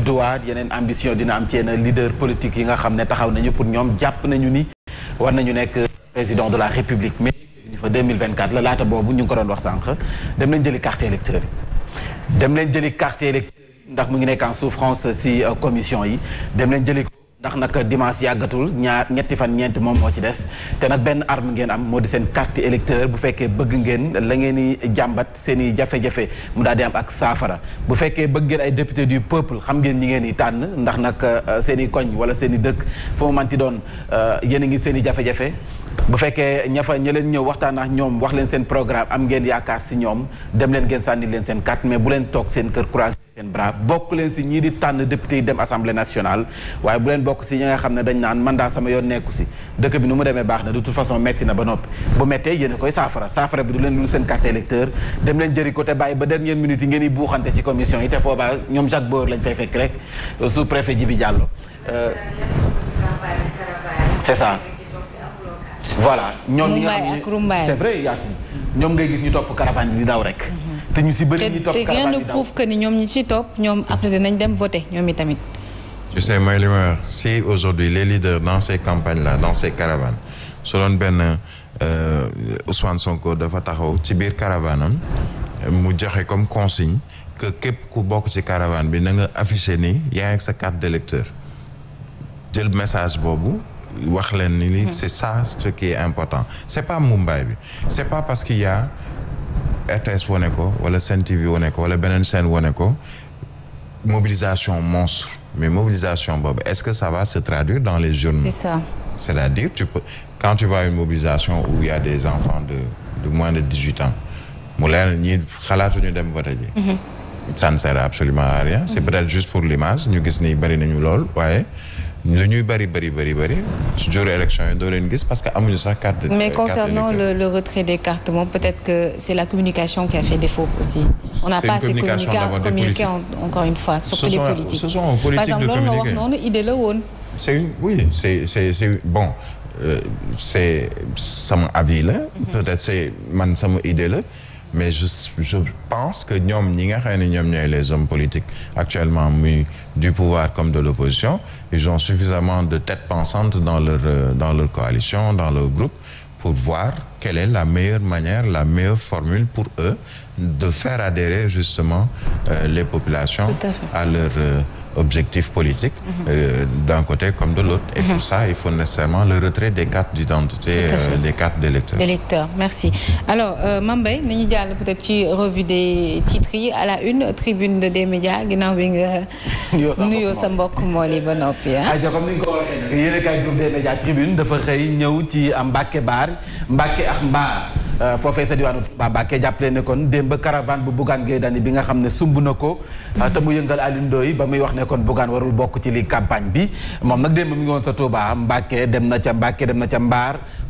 duwaat yeneen ambition dina am ci yenn leader politique yi nga xam ne taxaw nañu pour ñoom jàpp nañu ni war nañu nekk président de la république mais ñu fa 2024 la laata boobu ñu ngi ko doon wax sànq dem leen jëli carte électeur dem leen jëli carte électeur ndax mu ngi nekk en souffrance si euh, commission yi dem leen jëli ndax nag dimanche yàggatul ñaar ñetti fan ñeenti moom moo ci des te nag benn arme ngeen am moo di seen carte électeur bu fekkee bëgg ngeen la ngeen di jàmbat seeni i jafe-jafe mu daal di am ak saafara bu fekkee bëgg ngeen ay député du peuple xam ngeen ñi ngeen di tànn ndax nag euh, seen i koñ wala seen i dëkk foo manti doon euh, yéen a ngi seen i jafe-jafe bu fekkee ña fa leen ñëw waxtaan ak ñoom wax leen programme am ngeen si ñoom dem leen ngeen sànni leen seen carte mais bu leen toog seen kër croisé seen bras si ñii di tànn député yi dem assemblée nationale waaye bu leen bokk si ñi nga xam ne dañ naan mandat sama yoon nekku si dëkk bi nu mu demee baax na de metti na ba noppi bu mettee yéen a koy saafara saafara bi du leen lu seen carte jëri ko te bàyyi ba dernière minute yi ngeen di buuxante ci commission yi te foobaa ñoom Jacques Boor lañ fay fekk rek euh, sous préfet Djibi Diallo euh, c'est ça Faat. voilà ñoom ñi c'est vrai Yacine ñoom ngay gis ñu topp caravane bi daw rek. Mhm. te ñu si bëri ñu topp caravane bi daw te te prouve que ni ñoom ñi ci topp ñoom après dinañ dem voter ñoom i tamit. tu sais mooy li ma wax si aujourd'hui les leaders dans ces campagnes là dans ces caravanes su doon benn euh, Ousmane Sonko dafa taxaw ci biir caravane mu joxe comme consigne que képp ku bokk ci caravane bi na nga affiché ni yaa ngi sa carte d'électeur jël message boobu. wax leen ni li hmm. c'est ça ce qui est important c'est pas Mumbai bi c'est pas parce qu'il y a RTS wane ko wala Sen TV wane ko wala beneen chaîne wane ko mobilisation monstre mais mobilisation boobu est-ce que ça va se traduire dans les journaux c'est ça c'est-à-dire tu peux quand tu vois une mobilisation où il des enfants de de moins de dix-huit ans mu leen ñi xalaatuñu dem voter ji hmm. ça ne sert absolument à rien c'est hmm. peut juste pour l'image ñu gis ni bari nañu lool lu ñuy bari bari bari bari su joru élection yi doo leen gis parce que amuñu sax carte mais euh, concernant le, le retrait des cartes moom peut-être que c'est la communication qui a fait défaut aussi on n'a pas assez communiqué encore une fois surtout les politiques ce sont politiques de communiquer la woon c'est une bon euh, c'est sama avis la mhm. peut man sama idée la mais je je pense que ñoom ñi nga xam ne ñoom ñooy les hommes politiques actuellement muy du pouvoir comme de l'opposition ils ont suffisamment de têtes pensantes dans leur euh, dans leur coalition dans leur groupe pour voir quelle est la meilleure manière la meilleure formule pour eux de faire adhérer justement euh, les populations à, à leur euh, objectif politique mhm. euh, d'un côté comme de l'autre. Et mhm. pour ça, il faut nécessairement le retrait des cartes d'identité, euh, des cartes d'électeurs. D'électeurs, merci. Alors, euh, Mame Mbaye, nañu jàll peut-être ci revue des titres yi à la une tribune de des médias ginnaaw bi nga nuyoo sa mbokk moo li ba noppi ah. a kaay tribune dafa xëy ñëw ci Mbacke Baar Mbacke ak Euh, foofee sa diwaanu Mbacké jàppale ne kon démb caravane bu Bougane Gueye Dany bi nga xam ne sumb na ko euh, te mu yëngal Alioune ba muy wax ne kon Bougane warul bokk ci li campagne bi moom nag démb mi ngi woon sa Touba Mbacké dem na ca Mbacké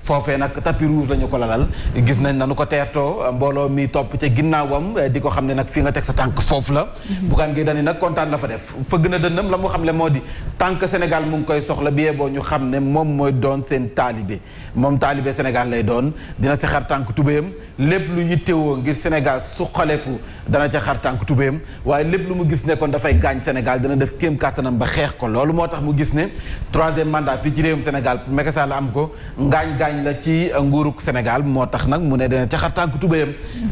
foofee nag tapis rouge la ñu ko lalal gis nañ nanu ko teertoo mbooloo mi topp ca ginnaawam euh, di ko xam ne nag fii nga teg sa tànk foofu la mhm. Bougane Gueye Dany nag kontaan la fa def fëgg na dënnam la mu xam le moo di tànk Sénégal mu ngi koy soxla bi yeboo ñu xam ne moom mooy doon seen taalibe moom taalibe Sénégal lay doon dina si xar tànk tubéyam lépp lu yittewoo ngir Sénégal suqaleku dana ca xar tànk tubéyam waaye lépp lu mu gis ne kon dafay gaañ Sénégal dana def kéem kàttanam ba xeex ko loolu moo tax mu gis ne troisième mandat fii ci réewum Sénégal Macky Sall am ko ngaañ-gaañ la ci nguuruk Sénégal moo tax nag mu ne dana ca xar tànk tubéyam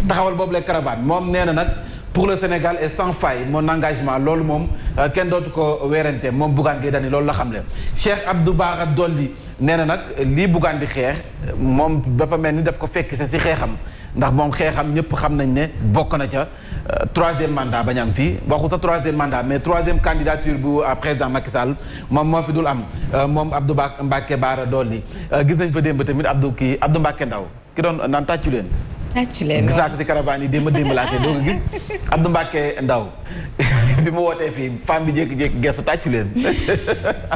taxawal boobu la caravane moom nee na nag pour le Sénégal est sans faille mon engagement loolu moom euh, kenn dootu ko weerante moom Bougane Gueye Dany loolu la xam le Cheikh Abdou Bara Dolly nee na nag lii buggaan di xeex moom dafa mel ni daf ko fekk sa si xeexam ndax moom xeexam ñëpp xam nañ ne bokk na ca euh, troisième mandat bañ am fii waxu sa troisième mandat mais troisième candidature bu euh, président Macky Sall moom moo fi dul am euh, moom Abdou Ba Mbacke Baara Dolli gis nañ fa démb tamit Abdou kii Abdou Mbacke Ndaw ki doon naan tàccu leen. tàccu gis naa ko si caravane yi démb démb laa koy doog a gis Abdou Mbacke Ndaw bi mu wootee fii femme bi jékki-jékki gestu tàccu leen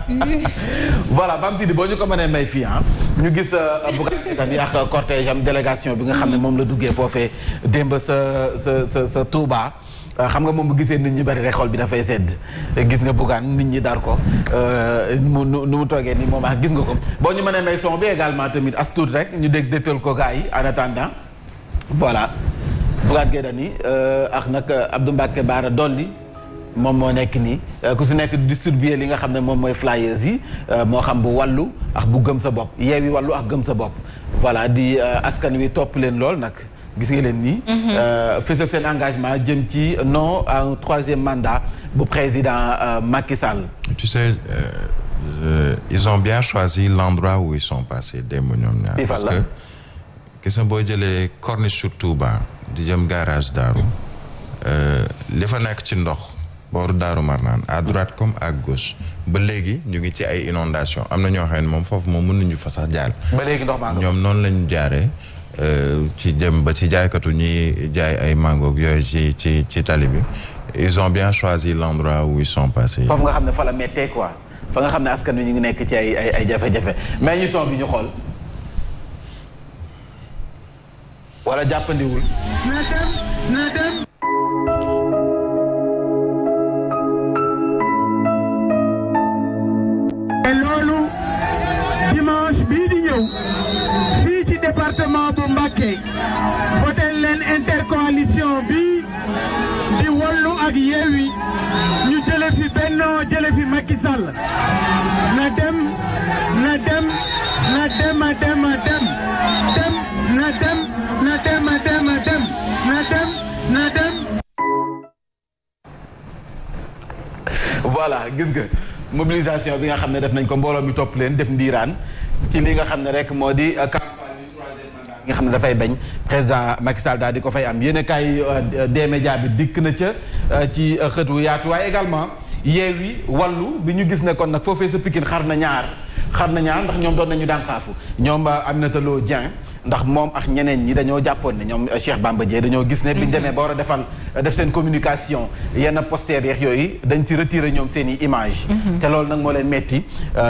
voilà Mame Sidi boo ñu ko mënee may fii ah ñu gis euh, Bougane Gueye ak bi nga xam ne moom la duggee foofee démb sa sa sa sa Touba euh, xam nga moom gisee nit ñi bari rek xol bi dafay sedd gis nga Bougane nit ñi dar ko euh, mu nu mu toogee nii moom ah gis nga ko boo ñu mënee may son bi également tamit as rek ñu dégg dégtal ko gars yi en attendant voilà Bougane Gueye Dany ak nag Abdou Mbacké Bara Dolly moom moo nekk nii euh, ku si nekk distribuer li nga xam ne moom mooy flyers yi euh, moo xam bu wàllu ak bu gëm sa bopp yeewi wàllu ak gëm sa bopp voilà di euh, askan wi topp leen lool nag gis nga leen nii mhm. fësal seen engagement jëm ci non à un troisième mandat bu président Macky Sall tu sais euh, ils ont bien choisi l'endroit où ils sont passés démb ñoom ñaar parce que gis nga boo jëlee corniche sur Touba di jëm garage Daaru li fa nekk ci ndox booru Daaru Marnaan à droite comme à gauche ba léegi ñu ngi ci ay inondation am na ñoo xam ne moom foofu moom mënuñu fa sax jaar ba léegi ndox maa ngi ñoom noonu lañu jaaree euh, ci jëm ba ci jaaykatu ñi jaay ay mangoog yooyu ci ci ci tali bi ils ont bien choisi l'endroit où ils sont passés. nga xam ne fa la méttee quoi nga xam ne askan wi ñu ngi nekk ci ay ay jafe mais ñu son bi ñu xool wala jàppandiwul. Mbacké voté leen intercoalition bi di wallu ak yeewi ñu jële fi Benno jële fi Macky na dem na dem na dem a dem a dem na dem na dem a dem na dem na dem voilà gis nga mobilisation bi nga xam ne def nañ ko mbooloo mi topp leen def ndiiraan ci li nga xam ne rek moo di euh, ki nga xam ne dafay bañ président Macky Sall di ko fay am yéen a kaay euh, des médias bi dikk na ca euh, ci euh, xëtu yaatu waaye également Yewwi Wallu bi ñu gis ne kon nag foofee sa Pikine xar na ñaar xar na ñaar ndax ñoom doon nañu daan xaafu ñoom Aminata Lo Dieng ndax moom ak ñeneen ñi dañoo jàppoon ne ñoom Cheikh Bamba Dièye dañoo gis ne biñu demee ba war a defal def seen communication yenn poster yeex yooyu dañ si retiré ñoom seen i image mhm. te loolu nag moo leen metti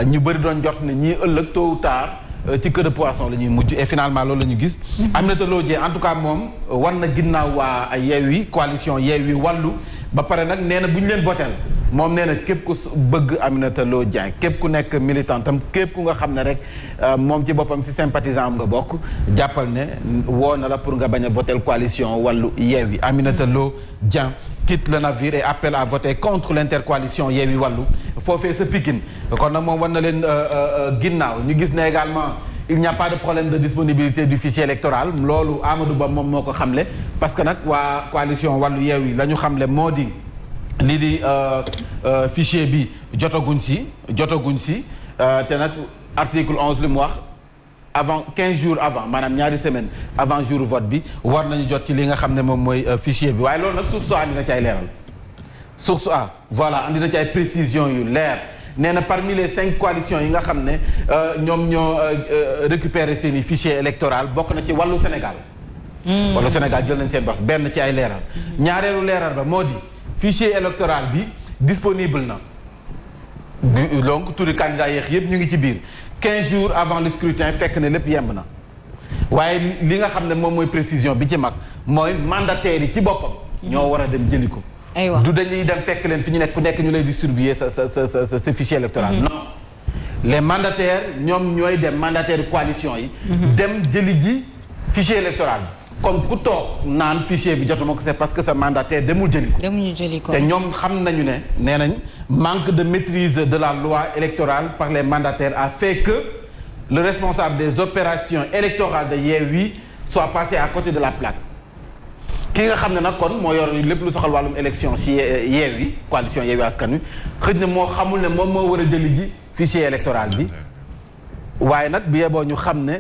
ñu bëri doon jot ne ñii ëllëg tôt ou Euh, ci queue de poisson la ñuy mujj et finalement loolu la ñu gis. Aminata Lô Dieng en tout cas moom euh, war na ginnaaw waa Yewwi coalition yi wàllu ba pare nag nee na bu ñu leen boteel moom nee na képp ku bëgg amina Lô Dieng képp ku nekk militant tam képp ku nga xam ne rek euh, moom ci boppam si sympathisant am nga bokk jàppal ne woo na la pour nga bañ a boteel coalition wàllu Yewwi Aminata Lô Dieng quitte le navire et appelle à voter contre l'intercoalition Yewwi wàllu foofee sa Pikine kon nag moom war na leen euh, euh, euh, ginnaaw ñu gis ne également il n'y pas de problème de disponibilité du fichier électoral loolu Amadou Ba moom moo ko xamle parce que nag waa coalition wàllu Yewwi la ñu xamle moo di lii di fichier bi jotaguñ si jotaguñ si te nag article onze li mu wax avant 15 jours avant maanaam ñaari semaine avant jour vote bi war nañu jot ci li nga xam ne moom mooy fichier bi waaye loolu nag suuf soo àndi na ci ay leeral source A voilà andi na ci ay précisions yu leer nee na parmi les cinq coalitions yi nga xam ne euh, ñoom ñoo euh, euh, récupérer seen i fichier électoral bokk na ci wàllu Sénégal. Hmm. wàllu Sénégal jël nañ seen bas benn ci ay leeral. Hmm. ñaareelu leeral ba moo di fichier électoral bi disponible na. donc turi candidat yeex yëpp ñu ngi ci biir 15 jours avant le scrutin fekk na lépp yemb na waaye li nga xam ne moom mooy précision bi ci mag mooy mandataires yi ci boppam. Hmm. ñoo war a dem jëli ko. aywa du dañuy dem fekk leen fi ñu nekk ku nekk ñu lay distribuer sa sa sa fichier électoral. Mm-hmm. non les mandataires ñoom ñooy dem mandataire coalition yi. Mm-hmm. dem jëli ji fichier électoral comme ku toog naan fichier bi jotuma ko c'est parce que sa mandataire demul jëli ko. demul jëli ko te ñoom xam nañu ne nee nañ manque de maîtrise de la loi électorale par les mandataires a fait que le responsable des opérations électorales de Yewwi soit passé à côté de la plaque. ki nga xam ne nag kon moo yor lépp lu soxal wàllum élection ci euh, yi coalition Yewwi Askan Wi xëj na moo xamul ne moom moo war a jëli ji fichier électoral bi waaye nag bi yeboo ñu xam ne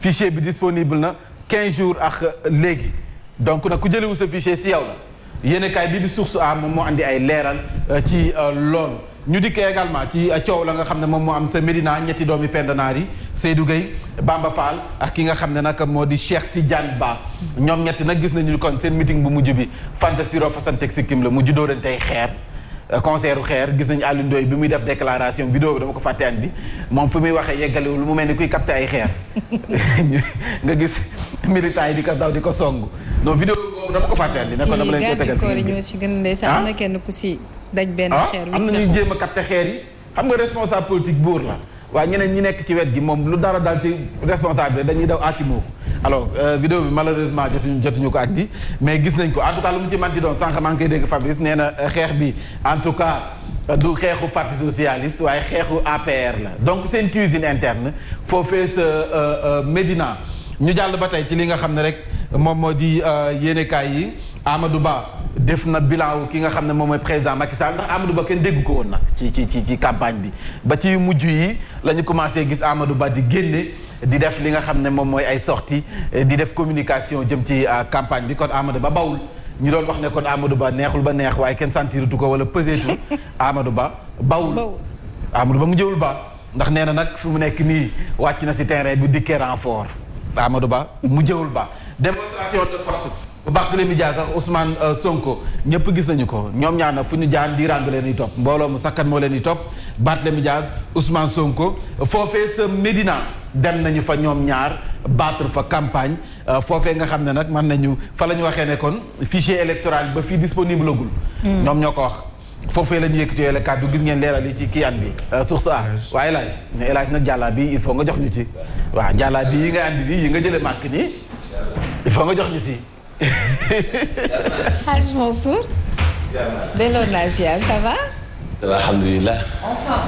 fichier bi disponible na 15 jours ak euh, léegi donc nag ku jëliwu sa fichier ci yow la yéenekaay bi di source a moom moo andi ay leeral euh, ci lool ñu dikkee également ci coow la nga xam ne moom moo am sa Médina ñetti doomi pendanaar yi Seydou Gueye Bamba Fall ak ki nga xam ne nag moo di Cheikh Tidiane Ba ñoom ñetti nag gis nañu kon seen meeting bu mujj bi fanta siro fasanteeg sikkim la mujj tey xeer euh, concert xeer gis nañu Alioune Ndoye bi muy def déclaration vidéo bi dama ko fàtte bi moom fu muy waxee yeggaliwul mu mel ni kuy capté ay xeer nga gis militants yi di ko daw di ko song non vidéo boobu dama ko fàtte andi ne ko si gën ndeysaan am na ah? kenn si dañ benn ah, xeer am na ñuy jéem a capter xeer yi xam nga responsable politique buur la waaye ñeneen ñi nekk ci wet gi moom lu dara daal ci responsable dañuy daw aakimoo ko alors euh, vidéo bi malheureusement jotuñu jotuñu ko ak di mais gis nañ ko en tout cas lu mu ci manti doon sànq maa ngi koy dégg Fabrice nee na euh, xeex bi en tout cas euh, du xeexu parti socialiste waaye xeexu APR la donc seen cuisine interne foofee sa Médina ñu jàll ba tey ci li nga xam ne rek moom moo di yéenekaay yi Amadou def na bilan ki nga xam ne moom mooy président Macky Sall ndax Amadou Ba kenn dégg ko woon nag ci ci ci ci campagne bi ba ci mujj yi la ñu commencé gis Amadou Ba di génne di def li nga xam ne moom mooy ay sortie eh, di def communication jëm ci ah, campagne bi kon Amadou Ba bawul ñu doon wax ne kon Amadou Ba neexul ba neex waaye kenn santiritu ko wala peseetu Amadou Ba bawul Amadou Ba mu jëwul ba ndax nee na nag fu mu nekk nii wàcc na si terrain bi dikkee renfort Amadou Ba mu jëwul ba de Barthélémy Dias sax Ousmane euh, Sonko ñëpp gis nañu ko ñoom ñaar na fu ñu jaan di ràng leen di topp mbooloo mu sakkan moo leen di topp Barthélémy Dias Ousmane Sonko foofee sa Médina dem nañu fa ñoom ñaar battre fa campagne euh, foofee nga xam ne nag mën nañu fa la ñu waxee ne kon fichier électoral ba fii disponible agul mm. ñoom ñoo ko wax foofee la ñu yëkkati la kàddu gis ngeen leeral yi ci bi suuf euh, waaye laaj ne laaj nag jàllaa bi il faut nga jox ñu ci waa jàllaa bi yi nga andi bi yi nga jële màkk nii il faut nga jox ñu si Hadj Mansour. delloo naa ziar ça va. alhamdulilah. enfin.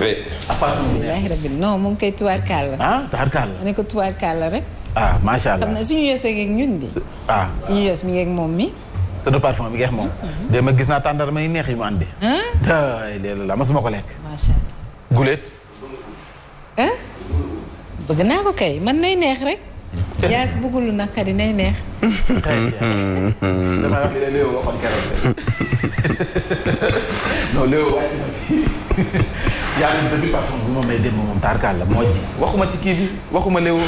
oui. alhamdulilah rabbil non moom kay tubaarkàlla. ah tubaarkàlla. ne ko tubaarkàlla rek. ah macha allah xam na suñu yos yeeg ñun di. ah suñu yos mi yeeg moom mi. te de parfum mi ngeex moom. Mhm. démb gis naa tàndarma yi neex yi mu andi. ay léegi la masuma ko lekk. macha allah. gulet. bëgg naa ko kay man nay neex rek. Yaas bëggul lu naqari nay neex. damaa wax ne Léo waxoon la moo waxuma ci kii bi waxuma Léo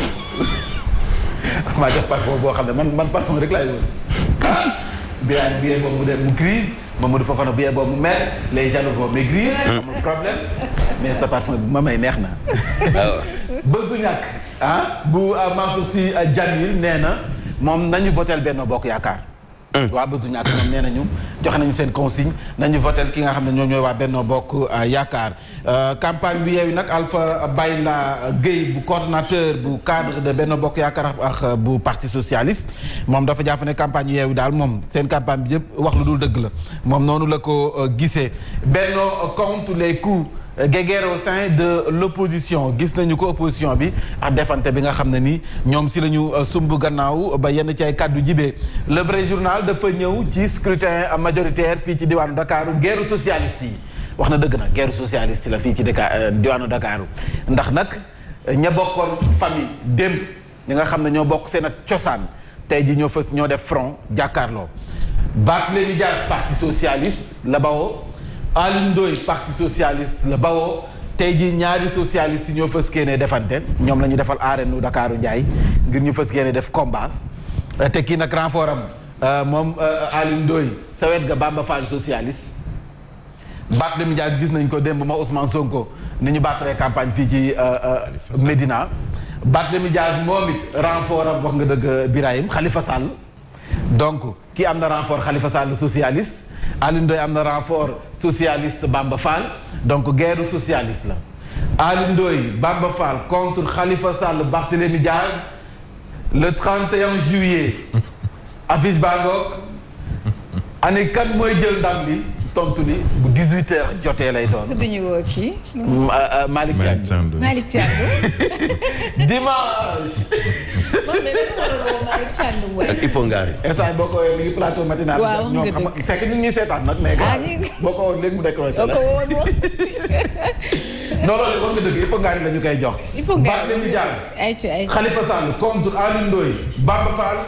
maa jox boo xam ne man man parfum rek laay doon ah biyaay biyee mu dem mu grise Mamadou Fofana ma may neex na bës ah du ñàkk ah bu ah, Mansour Sy Djamil ah, nee na moom nañu votel Benno Bokk Yaakaar hmm. waa Bëtu Ñàkk ñoom nee nañu joxe nañu seen consigne nañu votel ki nga xam ne ñoom ñooy waa Benno Bokk ah, Yaakaar euh, campagne bi yeewi nag Alpha Bayla Gueye bu coordonnateur bu cadre de Benno Bokk Yaakaar ak bu parti socialiste moom dafa jàpp ne campagne yu daal moom seen campagne bi yëpp wax lu dul dëgg la moom noonu la ko euh, gisee Benno compte les coups guéguerre au sein de l'opposition gis nañu ko opposition bi ak defante bi nga xam ne ni ñoom si la ñu euh, sumb gannaaw ba yenn ci kàddu jibee le vrai journal dafa ñëw ci scrutin majoritaire fii ci diwaanu Dakar guerre socialiste yi wax na dëgg nag guerre socialiste la fii ci Dakar euh, diwaanu Dakar ndax nag ña bokkoon famille démb ñi nga xam ne ñoo bokk seen ak cosaan tey ji ñoo fës ñoo def front jàkkaarloo baat lañu jaar parti socialiste la bawoo Alioune Ndoye parti socialiste la bawoo tey jii ñaari socialiste si ñoo fës keenee defante ñoom la ñu defal aarenu Dakaaru Ndiaye ngir ñu fës keenee def combat euh, te kii nag renfort am euh, moom euh, Alioune Ndoye sa wet ga Bamba Fall socialiste Barthélémy Dias gis nañ ko démb ma Ousmane Sonko ni ñu battre campagne fii ci Médina Barthélémy Dias moom it renfort am wax nga dëgg Birahim xalifa Sall donc kii am na renfort xalifa Sall socialiste Alioune am na renfort socialiste Bamba Fall donc guerre socialiste la Ali Ndoye Bamba Fall contre Khalifa le Barthélémy Diaz le juillet affiche bangok ane kan mooy jël ndam li tontu li bu 18 heures jotee lay doon. est-ce que duñu woo kii. ak Ipongaari. instant boo ko mi ngi plateau matinal. waaw nga dëgg ñoom fekk nit nag. mais boo ko woon léegi mu décroché la. non nga dëgg Ipongaari la ñu koy jox. Ipongaari ba ñu jàll. ayca ayca Khalifa Sall contre Alioune Ndoye Bamba Fall.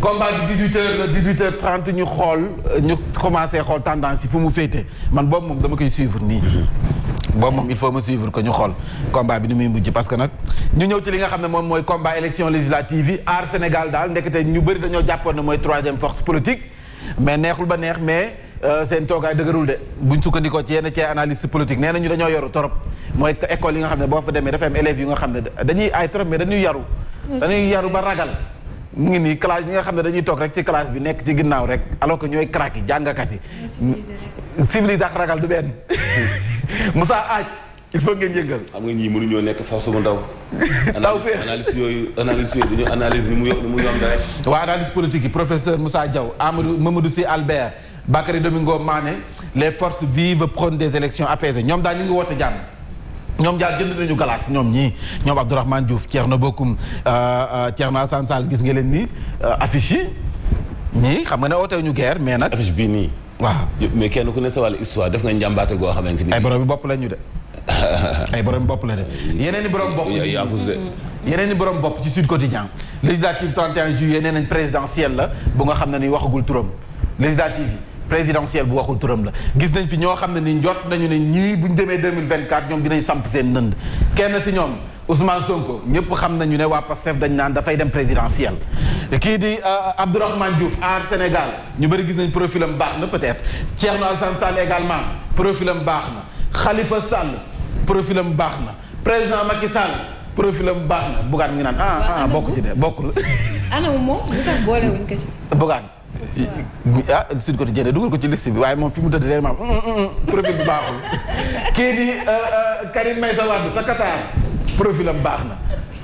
combat bi 18h la 18h30 ñu xool ñu commencé xool tendance yi fu mu féete man boobu moom dama koy suivre nii. Mm-hmm. boobu moom il faut ma suivre que ñu xool combat bi ni muy mujj parce que nag ñu ñëw ci li nga xam ne moom mooy combat élection législative yi aar Sénégal daal ndekete ñu bëri dañoo jàppoon ne mooy troisième force politique mais neexul ba neex mais euh, seen toogaay dëgërul de buñ sukkandikoo ci yenn ci analyse politique nee nañu dañoo yoru torop mooy école yi nga xam ne boo fa demee dafa am élèves yu nga xam ne dañuy ay trop mais dañuy yaru dañuy ba ragal mu ngi nii classe yi nga xam ne dañuy toog rek ci classe bi nekk ci ginnaaw rek alors que ñooy crack yi jàngakat yi civilisé ak ragal du benn Moussa aaj il faut ngeen yëngal. xam nga ñii ñoo nekk faw sama ndaw. taw fee analyse yooyu analyse yooyu analyse ni mu yomb ni waa analyse politique yi professeur Moussa Diaw Amadou Mamadou Sy Albert Bakary Domingo Mané les forces vives prônent des élections apaisées ñoom daal ñu ngi woote jàmm. ñoom jaar jënd nañu galaas ñoom ñii ñoom Abdourahmane ceex Thierno Bocoum euh, euh, Thierno Assane Sall gis nga leen ni euh, affiche ñii xam nga ne oote ñu guerre mais nag. affiche bii waaw mais kenn ku ne sa wàllu histoire def nga njàmbaate goo xamante ni. ay borom bopp lañ ñu ay borom bopp la de yeneen i borom bopp. Mm-hmm. yeneen i borom bopp ci Sud Quotidien. législative 31 juillet nee nañ présidentielle la bu nga xam ne ni waxagul turam législative yi présidentielle bu waxul turam la gis nañ fi ñoo xam ne ni njot nañu ne ñii bu ñu demee 2024 ñoom dinañ samp seen nënd kenn si ñoom Ousmane Sonko ñëpp xam nañu ne waa Pastef dañ naan dafay dem présidentielle kii di euh, Abdourahmane Diouf aar Sénégal ñu bëri gis nañ profil am baax na peut-être Thierno Alassane Sall également profil am baax na Khalifa Sall profil am baax na président Macky Sall profil am baax na Bougane ngi naan ah ah bokk ci de bokkul. ana moom lu tax boolewuñ ko ci. Bougane. ah Sud ko ci liste bi waaye moom fi mu tëdd de maam mm, mm, profil bi baaxul kii di euh, euh, Karim Meïssa Wade sa Qatar profil baax na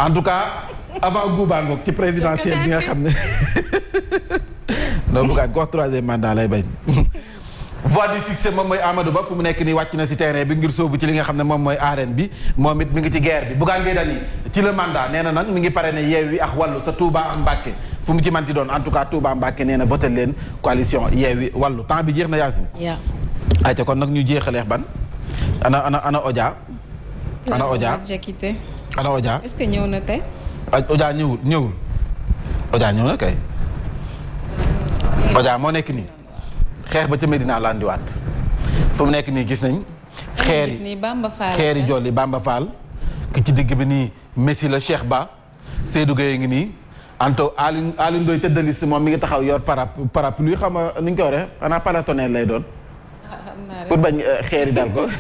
en tout cas. avant Gouba Ngok ci présidentielle bi nga xam ne non Bougane ko wax troisième mandat lay bañ. voix du succès moom mooy Amadou Ba fu mu nekk nii wàcc na si terrain bi ngir sóobu ci li nga xam ne moom mooy arène bi moom it mi ngi ci guerre bi Bougane Gueye Dany ci le mandat nee na nag mi ngi pare ne Yewwi ak Wallu sa Touba ak Mbacké fu mu ci manti doon en tout cas Touba Mbacké nee na voté leen coalition Yewwi Wallu temps bi jeex na Yacine. waaw ayca kon nag ñu jeexaleex ban ana ana ana Odia. ana Odia ana Odia. na tey. Oja ñëwul ñëwul Oja ñëw na kay Oja moo nekk nii xeex ba ca Medina landiwaat andiwaat mu nekk nii gis nañ. xeer yi xeer yi jolli Bamba Fall ki ci digg bi nii Messi la Cheikh Ba Seydou Gueye ngi nii Anto Alioune Alioune si moom mi ngi taxaw yor para parapluie xam nga ni ko waree xanaa paratonnerre lay doon. pour bañ eh, xeer dal ko.